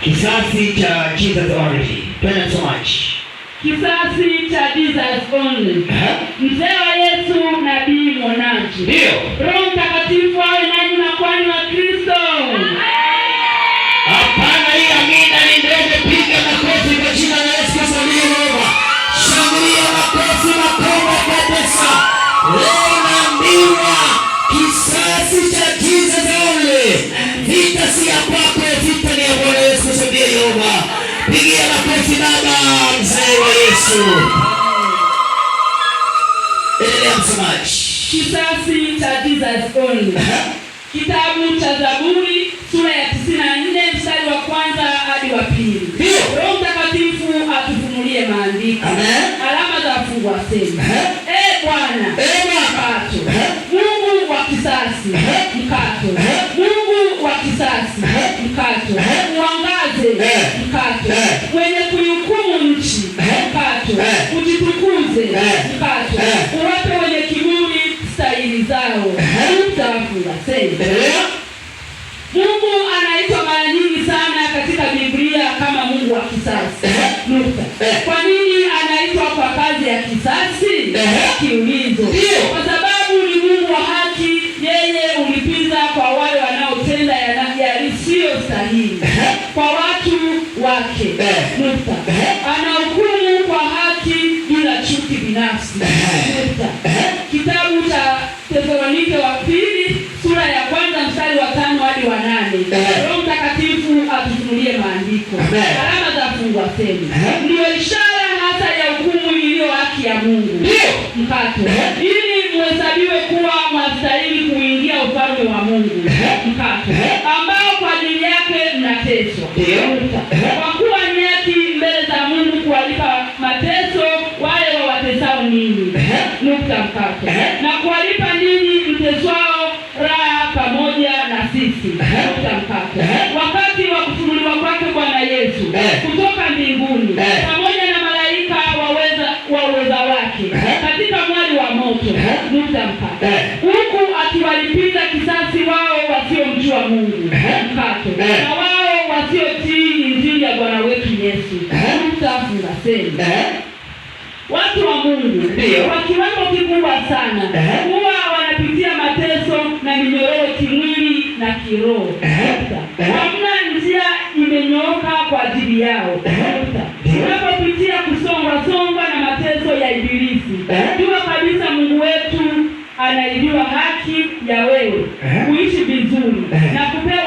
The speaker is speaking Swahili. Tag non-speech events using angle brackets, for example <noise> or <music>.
Kisasi cha Jesus only. Twende much. Kisasi cha Jesus only. Mzee wa Yesu nabii mwonaji. Ndio. Roho Mtakatifu awe nanyi na kwani wa Kristo. Hapana, hii amina ni ndege. Piga makofi kwa jina la Yesu Kristo aliye mwema. Shangilia makofi mapema kabisa. Leo naambiwa kisasi cha Jesus only. Vita si ya kwako, vita ni ya Bwana mwambie Yehova, pigia makofi baba mzee wa Yesu. Endelea msomaji. Kisasi cha Jesus Only, kitabu cha Zaburi sura ya 94 mstari wa kwanza hadi wa pili. Roho Mtakatifu atufunulie maandiko, alama za fungu asema kisasi mkato, uangaze mkato, wenye kuihukumu nchi mkato, ujitukuze mkato, uwape wenye kiburi stahili zao. Mungu anaitwa mara nyingi sana katika Biblia kama Mungu wa kisasi. Kwa nini anaitwa kwa kazi ya kisasi? Kiulizo. sahihi <laughs> kwa watu wake eh. nukta. Eh. Anahukumu kwa haki bila chuki binafsi eh. nukta. Kitabu cha Thesalonike wa pili sura ya kwanza mstari wa tano hadi wa nane. Roho Mtakatifu atufunulie maandiko. Alama za fungwa semi ndiyo ishara hasa ya hukumu iliyo haki ya Mungu mkato, ili mhesabiwe kuwa mastahili kuingia ufalme wa Mungu mkato mateso, kwa kuwa nyati mbele za Mungu kuwalipa mateso wale wawatesao ninyi, nukta mkato, na kuwalipa ninyi mteswao raha pamoja na sisi, nukta mkato, wakati wa kufunuliwa kwake Bwana Yesu kutoka mbinguni pamoja na malaika waweza wa uweza wake katika mwali wa moto, nukta mkato, huku akiwalipiza kisasi wao wasiomjua Mungu mkato wasiotii injili ya Bwana wetu Yesu safu eh? nasema eh? watu wa Mungu ndio kwa kiwango kikubwa sana eh? huwa wanapitia mateso na minyororo kimwili na kiroho. Hamna njia imenyooka kwa ajili yao. Unapopitia kusongwa songwa na mateso ya Ibilisi, jua kabisa Mungu wetu anaijua haki ya wewe kuishi vizuri na kupe